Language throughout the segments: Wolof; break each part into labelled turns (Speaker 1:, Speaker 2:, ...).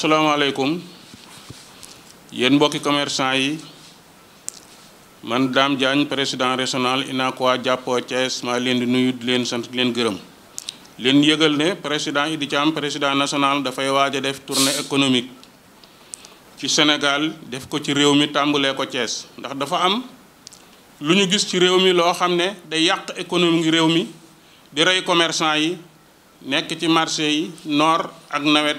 Speaker 1: asalaamaaleykum yéen mbokki commerçant yi man Dame Diagne président résional UNACOIS jàppoo Thiès maa leen di nuyu di leen sant leen gërëm leen yëgal ne président Idi am président national dafay waaj a def tournée économique ci Sénégal def ko ci réew mi tàmbalee ko Thiès ndax dafa am lu ñu gis ci réew mi loo xam ne day yàq économie réew mi di rey commerçant yi nekk ci marché yi noor ak nawet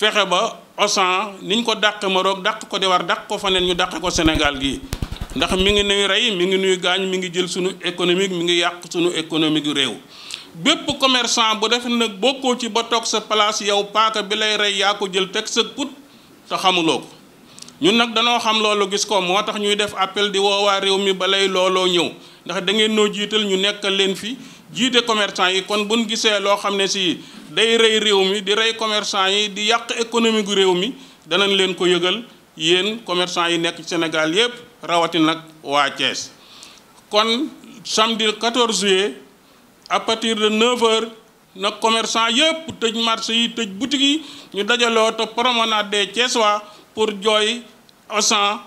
Speaker 1: fexé ba Auchan niñ ko dakk Maroc dakk ko Dewar dakk ko fanen ñu dakk ko Sénégal gi ndax mi ngi nuy ray mi ngi nuy gañ mi ngi jël sunu économique mi ngi yaq sunu économique réew bépp commerçant bu def nag bokkoo ci ba toog sa place yow paaka bi lay rey yaa ko jël teg sa put te xamuloo ko ñun nag danoo xam loolu gis ko moo ñuy def appel di woowaa réew mi ba lay looloo ñëw ndax da ngeen noo jiital ñu nekkal leen fi jiite commerçant yi kon buñ gisee loo xam ne day rey réew mi di rey commerçant yi di yàq économie gu réew mi danañ leen ko yëgal yéen commerçant yi nekk ci Sénégal yépp rawati nag waa Thiès kon samedi 14 juillet à partir de 9h nag commerçant yépp tëj marché yi tëj boutique yi ñu dajaloo te promenade des Thiessois pour jooy Auchan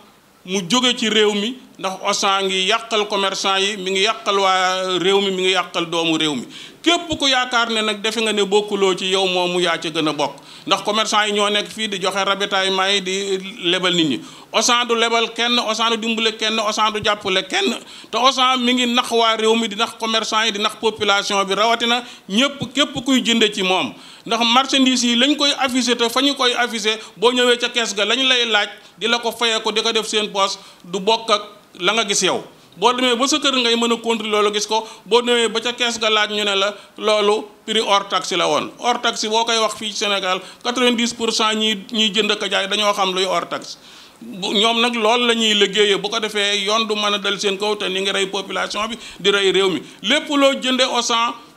Speaker 1: mu jóge ci réew mi ndax Auchan ngi yàqal commerçant yi mi ngi yàqal waa réew mi mi ngi yàqal doomu réew mi képp ko yaakaar ne nag defe nga ne bokkuloo ci yow moomu yaa ci gën a bokk ndax commerçant yi ñoo nekk fii di joxe ravitaillement yi di lebal nit ñi Auchan du lebal kenn Auchan du dimbale kenn Auchan du jàppale kenn te Auchan mi ngi nax waa réew mi di nax commerçant yi di nax population bi rawatina ñëpp képp kuy jënde ci moom ndax marchandise yi lañ koy affiché te fa ñu koy affiché boo ñëwee ca kees ga lañ lay laaj di la ko fayee di ko def seen poche du bokk ak la nga gis yow boo demee ba sa kër ngay mën a contrôler loolu gis ko boo demee ba ca kees ga laaj ñu ne la loolu prix hors taxe la woon hors taxe boo koy wax fii Sénégal 90 pour cent ñi ñiy jënd ka jaay dañoo xam luy hors taxe ñoom nag loolu la ñuy liggéeyee bu ko defee yoon du mën a dal seen kaw te ni ngi rey population bi di rey réew mi lépp loo jëndee au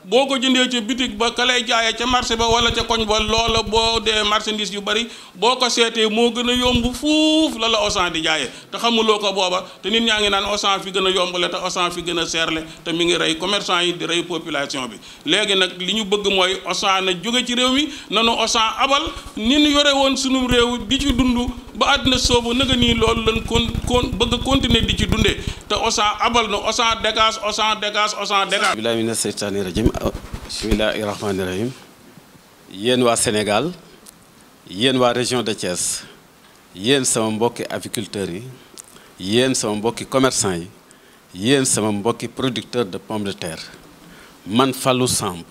Speaker 1: boo ko jëndee ca bitig ba ka jaaye ca marché ba wala ca koñ ba loola boo dee marchandise yu bari boo ko seetee moo gën a yomb fuuf lala la di jaayee te xamuloo ko booba te nit ñaa ngi naan Auchan fi gën a yombale te Auchan fi gën a seerle te mi ngi rey commerçant yi di rey population bi léegi nag li ñu bëgg mooy Auchan na jóge ci réew mi na nanu Auchan abal ni ñu yore woon suñu réew di ci dund ba àddina soobu na nii loolu lan kon kon bëgg continuer di ci dundee te Auchan abal na Auchan dégage Auchan dégage Auchan dégage
Speaker 2: billahi mina seytaani rajim bismillaahi rahmaani rahim yéen waa Sénégal yéen waa région de Thiès yéen sama mbokki aviculteurs yi yéen sama mbokki commerçant yi yéen sama mbokki producteur de pommes de terre man Fallou Samb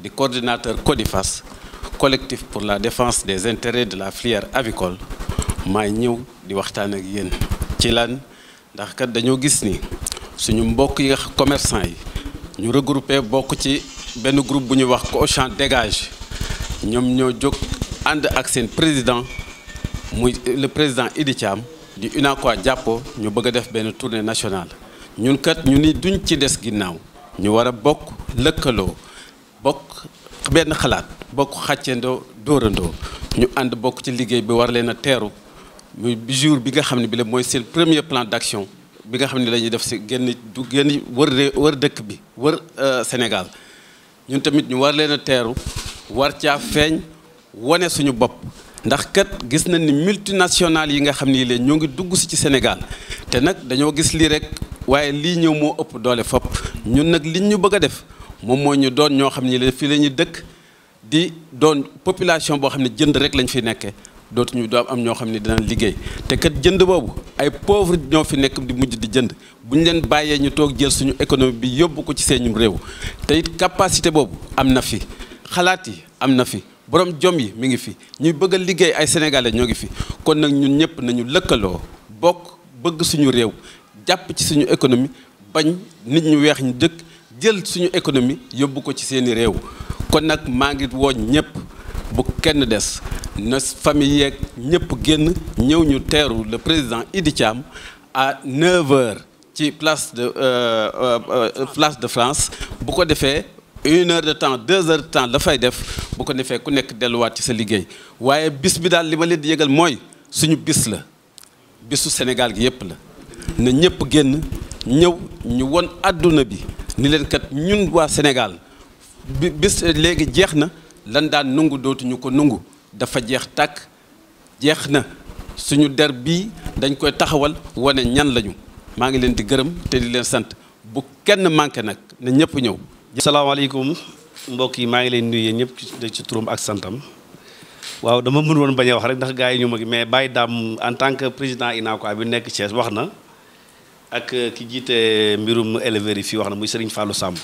Speaker 2: di coordinateur CODIFAS collectif pour la défense des intérêts de la filière avicole maay ñew di waxtaan ak yéen ci lan ndax kat dañu gis ni suñu mbokk yi commerçant yi ñu regrouper bokku ci benn groupe bu ñuy wax Auchan dégage ñoom ñoo jóg ànd ak seen président muy le président Idi Thiam di UNACOIS Jàppo ñu bëgg a def benn tournée nationale ñun kat ñu ni duñ ci des ginnaaw ñu war a bokk lëkkaloo bokk benn xalaat bokk xàccandoo dóorandoo ñu ànd bokk ci liggéey bi war leen a teeru muy jour bi nga xam ne bi la mooy seen premier plan d'action bi nga xam ne la def si génn du génn wër wër dëkk bi wër euh, Sénégal ñun tamit ñu war leen a teeru war caa feeñ wane suñu bopp ndax kat gis nañ ni multinationales yi nga xam ni leen ñoo ngi dugg si ci Sénégal te nag dañoo gis lii rek waaye lii ñëw moo ëpp doole fopp ñun nag liñ ñu bëgg a def moom mooy ñu doon ñoo xam ni leen fii lañuy dëkk di doon population boo xam ne jënd rek lañ fi nekkee dootuñu doom am ñoo xam ne dinañ liggéey te kat jënd boobu ay pauvre ñoo fi nekk di mujj di jënd bu ñu leen bàyyee ñu toog jël suñu économie bi yóbbu ko ci seenum réew te capacité boobu am na fi xalaat yi am na fi borom jom yi mi ngi fi ñuy bëgg a liggéey ay sénégalais ñoo ngi fi kon nag ñun ñëpp nañu lëkkaloo bokk bëgg suñu réew jàpp ci suñu économie bañ nit ñu weex ñu dëkk jël suñu économie yóbbu ko ci seeni réew kon nag maa ngi wooñ ñëpp bu kenn des nous famille yeeg génn le président Idi à 9h place de euh, euh, euh, place de France bu de fait une heure de temps deux heures de temps dafay def bu ko fait ku ci sa bis bi li suñu bis Sénégal gi sommes la na ñëpp génn ñëw ñu won àdduna bi ni kat Sénégal bis daan dafa jeex tàkk jeex na suñu der bi dañ koy taxawal wane ñan lañu maa ngi leen di gërëm te di leen sant bu kenn manqué nag na ñëpp ñëw. salaamaaleykum mbokk yi maa ngi leen nuyu ñëpp ci turam
Speaker 3: ak santam waaw dama mën woon bañ a wax rek ndax gars yi ñu ma gi mais bàyyi Dame en tant que président UNACOIS bi nekk Thiès wax na ak ki jiite mbirum éleveurs yi fii wax na muy Serigne Fallou Samb.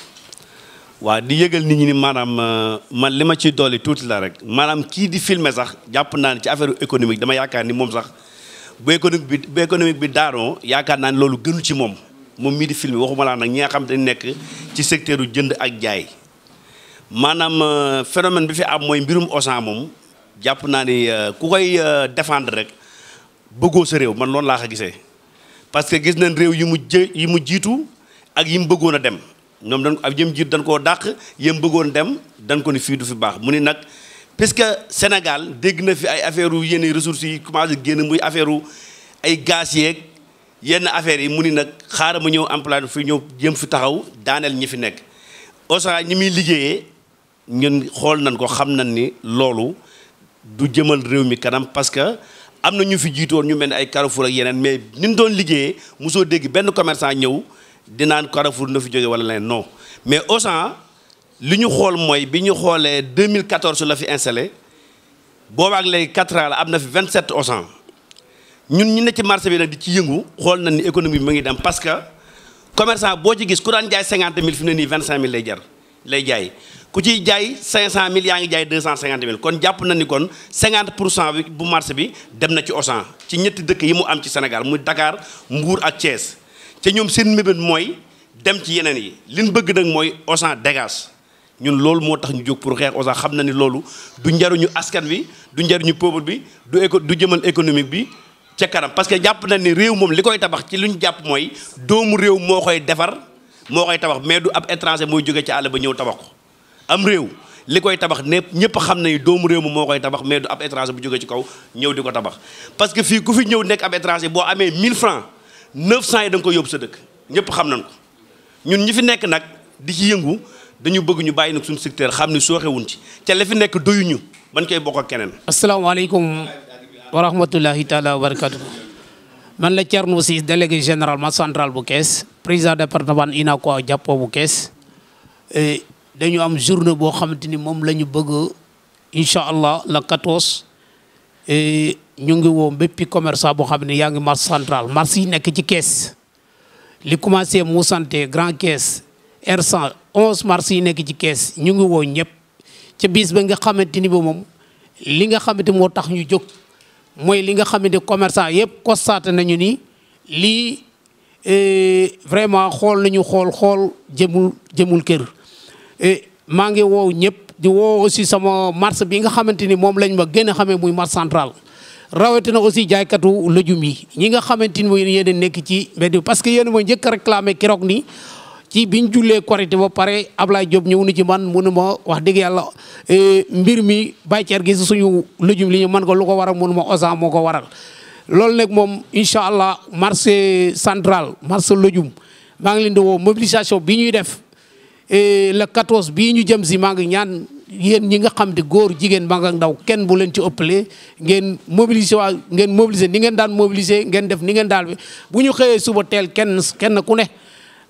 Speaker 3: waaw di yëgal nit ñi ni maanaam euh, man li ma ciy dolli tuuti la rek maanaam kii di filmer sax jàpp naa ne ci affaire économique dama yaakaar ni moom sax bu économique bi bu daanoo yaakaar naa ni loolu gënu ci moom moom mii di filmer waxuma laa nag ñi nga xam te nekk ci secteur u jënd ak jaay maanaam euh, phénomène bi fi am mooy mbirum Auchan moom jàpp naa ni euh, ku koy défendre rek bëggoo sa réew man loolu laa ko gisee parce que gis nañ réew yi mu jë yi mu jiitu ak yi mu bëggoon a dem ñoom dañ ko ak jëm jiit dañ koo dàq yëm bëggoon dem dañ ko ni fii du fi baax mu ni nag puisque Sénégal dégg na fi ay affaire yenn ressources yi commencé génn muy affaire ay gaz yeeg yenn affaires yi mu ni nag xaaral ñëw emploi fi ñëw jëm fi taxaw daaneel ñi fi nekk osa ñi muy liggéeyee ñun xool nañ ko xam nañ ni loolu du jëmal réew mi kanam parce que am na ñu fi jiitoon ñu mel ay Carrefour ak yeneen mais ni doon liggéeyee mosoo dégg benn commerçant ñëw dinaan Carrefour na fi jóge wala leneen no mais Auchan li ñu xool mooy bi ñu xoolee deux mille 2014 la fi installé boobaak léegi 4 ans la am na fi 27 Auchan ñun ñu ne ci marché bi nag di ci yëngu xool na ni économie bi mu ngi dem parce que commerçant boo ci gis ku daan jaay 50 000 fi mu ne nii 25 000 lay jar lay jaay ku ciy jaay 500 000 yaa ngi jaay 250 000 kon jàpp na ni kon 50 pour cent bi bu marché bi dem na ci Auchan ci ñetti dëkk yi mu am ci Sénégal mu Dakar Mbour ak Thiès. te ñoom seen mébét mooy dem ci yeneen yi liñ bëgg nag mooy Auchan dégage ñun loolu moo tax ñu jóg pour xeex Auchan xam na ni loolu du njariñu askan bi du njariñu peuple bi du éco du jëmal économique bi ca kanam parce que jàpp na ni réew moom li koy tabax ci li ñu jàpp mooy doomu réew moo koy defar moo koy tabax mais du ab étranger mooy jóge ci àll ba ñëw tabax ko am réew li koy tabax népp ñëpp xam ne doomu réew mi moo koy tabax mais du ab étranger bu jóge ci kaw ñëw di ko tabax parce que fii ku fi ñëw nekk ab boo amee 1000 francs 900 yi da nga ko yóbbu sa dëkk ñëpp xam nañ ko ñun ñi fi nekk nag di ci yëngu dañu bëgg ñu bàyyi nag suñ secteur xam ni sooxewuñ ci ca la fi nekk doyuñu bañ koy bokk ak keneen.
Speaker 4: asalaamaaleykum wa rahmatulahi taala wa barakatu. man la Thierno Ciss délégué général ma central bu kees président département UNACOIS jàppoo bu kees dañu am journée boo xamante ni moom la ñu bëgg incha allah la 14. ñu ngi woo béppi commerçant boo xam ne yaa ngi marché central marché yi nekk ci kees li commencé mu santé grand kees R100 11 marché yi nekk ci kees ñu ngi woo ñëpp ca bis ba nga xamante ni ba moom li nga xamante moo tax ñu jóg mooy li nga xamante commerçant yëpp constaté nañu ni lii euh, vraiment xool nañu xool xool jëmul jëmul kër euh, maa ngi woow ñëpp di woo aussi sama marché bi nga xamante ni moom lañ ma gën a xamee muy marché centrale rawatina aussi jaaykatu lëjum yi ñi nga xamante ni mooy yéen nekk ci mbedd parce que yéen mooy njëkk a réclamé keroog ni ci biñ jullee korité ba pare Ablaye Diop ñëw na ci man mu ne ma wax dëgg yàlla e, mbir mi bàyceer gi si suñu lëjum li ñu man ko lu ko waral mënu ma osan moo ko waral loolu nag moom incha allah marché central marché lëjum maa ngi leen di woo mobilisation bi ñuy def e, le 14 bii ñu maa ngi ñaan yéen ñi nga xam te góor jigéen mag ak ndaw kenn bu leen ci ëppalee ngeen mobiliser waa ngeen mobiliser ni ngeen daan mobiliser ngeen def ni ngeen daal bi bu ñu xëyee suba teel kenn kenn ku ne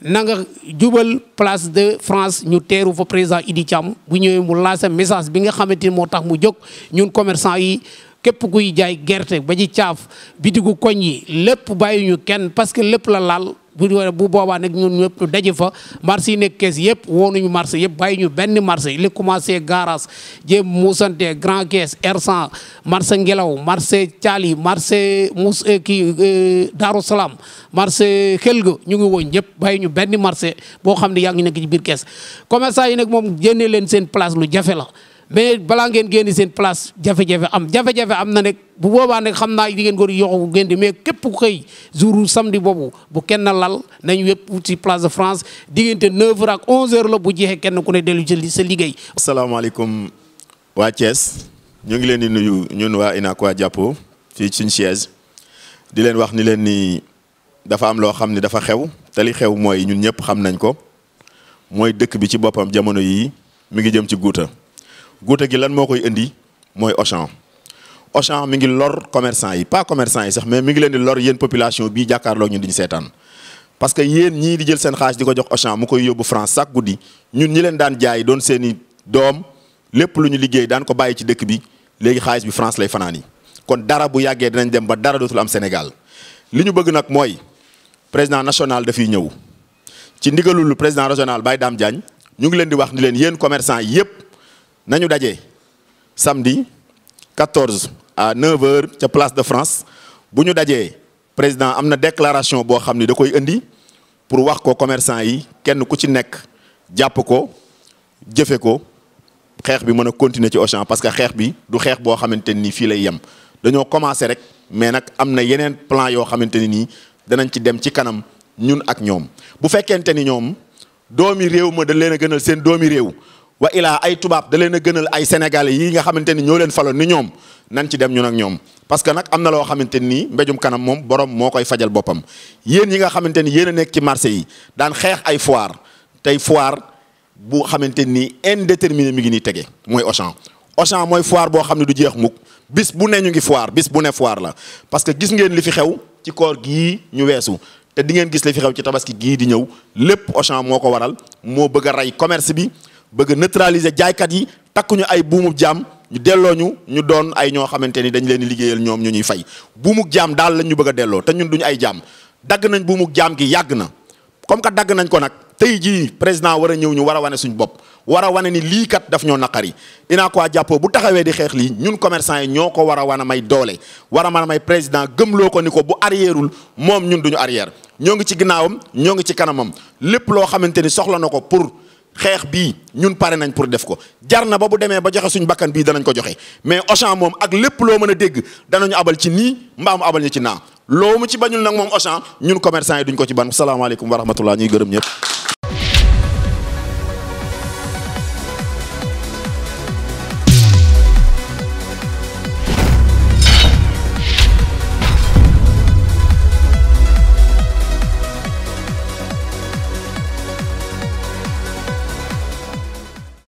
Speaker 4: na nga jubal place de France ñu teeru fa président Idi Thiam bu ñëwee mu lancé message bi nga xamante ni moo tax mu jóg ñun commerçant yi képp kuy jaay gerte ba ci caaf bitigu koñ yi lépp bàyyi ñu kenn parce que lépp la laal bu bu boobaa nag ñun ñëpp ñu daje fa marché yi nekk kees yëpp woonuñu marché yëpp bàyyi ñu benn marché li commencé garage jéem muusante grand kees R100 marché ngelaw marché Thiali marché mus eh, kii eh, Darou Salaam marché Xelga ñu ngi woon ñëpp bàyyi ñu benn marché boo xam ne yaa ngi nekk ci biir kees commerçant yi nag moom génne leen seen place lu jafe la mais balaa ngeen génn sen place jafé jafé am jafé jafé am na nag bu boobaa nag xamna naa di ngeen góor yoxu génn di mais képp ku xëy jour samedi bobu bu kenn lal nañ yëpp ci place de France diggante 9h ak 11h la bu jeexee kenn ku ne jël ci sa liggéey. asalaamaaleykum
Speaker 5: wa Thiès ñu ngi leen di nuyu ñun wa INAK waa jàppo ci suñ siège di leen wax ni leen ni dafa am lo xamni dafa xew té li xew moy ñun ñëpp xam nañ ko moy dëkk bi ci bopam jamono yi mi ngi jëm ci guuta guute gi lan moo koy indi mooy Auchan Auchan mi ngi lor commerçant yi pas commercant yi sax mais mi ngi leen di lor yéen population bi jàkkaarloo ñu di ñu seetaan parce que yéen ñii di jël seen xaalis di ko jox Auchan mu koy yóbbu France chaque guddi ñun ñi leen daan jaay doon seeni doom lépp lu ñu liggéey daan ko bàyyi ci dëkk bi léegi xaalis bi France lay fanaan yi kon dara bu yàggee danañ dem ba dara dootul am Sénégal li ñu bëgg nag mooy président national dafiy ñëw ci ndigalul président régional Baye Dame Diagne ñu ngi leen di wax ni leen yéen commerçant yépp nañu daje samedi 14 à 9h ca place de France bu ñu dajee président am na déclaration boo xam ni da koy indi pour wax ko commerçant yi kenn ku ci nekk jàpp ko jëfe ko xeex bi mën continuer ci Auchan parce que xeex bi du xeex boo xamante ni fii lay yem dañoo commencé rek mais nag am na yeneen plan yoo xamante ni nii danañ ci dem ci kanam ñun ak ñoom bu fekkente ni ñoom doomi réew ma da leen gënal seen doomi réew waa ilaa ay tubaab da leen a gënal ay sénégalais yi nga xamante ni ñoo leen faloon ni ñoom nan ci dem ñun ak ñoom parce que nag am na loo xamante nii mbéjum kanam moom borom moo koy fajal boppam yéen yi nga xamante ni yéen nekk ci marché yi daan xeex ay foire tey foire bu xamante ni indéterminé mi ngi nii tege mooy Auchan Auchan mooy foire boo xam ne du jeex mukk bis bu ne ñu ngi foire bis bu ne foire la parce que gis ngeen li fi xew ci koor gii ñu weesu te di ngeen gis li fi xew ci tabaski gii di ñëw lépp Auchan moo ko waral moo bëgg rey commerce bi bëgg neutraliser jaaykat yi takkuñu ay buumu jaam delloo ñu ñu doon ay ñoo xamante ni dañ leen di liggéeyal ñoom ñu ñuy fay buumu jaam daal lañ ñu bëgg delloo te ñun duñu ay jaam dagg nañ buumu jaam gi yàgg na comme que dagg nañ ko nag tey jii président war ñëw ñu war a wane suñ bopp war a wane ni lii kat daf ñoo naqari UNACOIS jàppoo bu taxawee di xeex lii ñun commerçant yi ñoo ko war a wan a may doole war a mën may président gëmloo ko ni ko bu arrièreul moom ñun duñu arrière ñoo ngi ci ginnaawam ñoo ngi ci kanamam lépp loo xamante ni soxla na ko pour xeex bi ñun pare nañ pour def ko jar na ba bu demee ba joxe suñ bakkan bii danañ ko joxe mais Auchan moom ak lépp loo mën a dégg danañu abal ci nii mbaam mu abal ñu ci naa loo mu ci bañul nag moom Auchan ñun commercant yi duñ ko ci ban salaamaaleykum wa rahmatullah ñuy gërëm ñëpp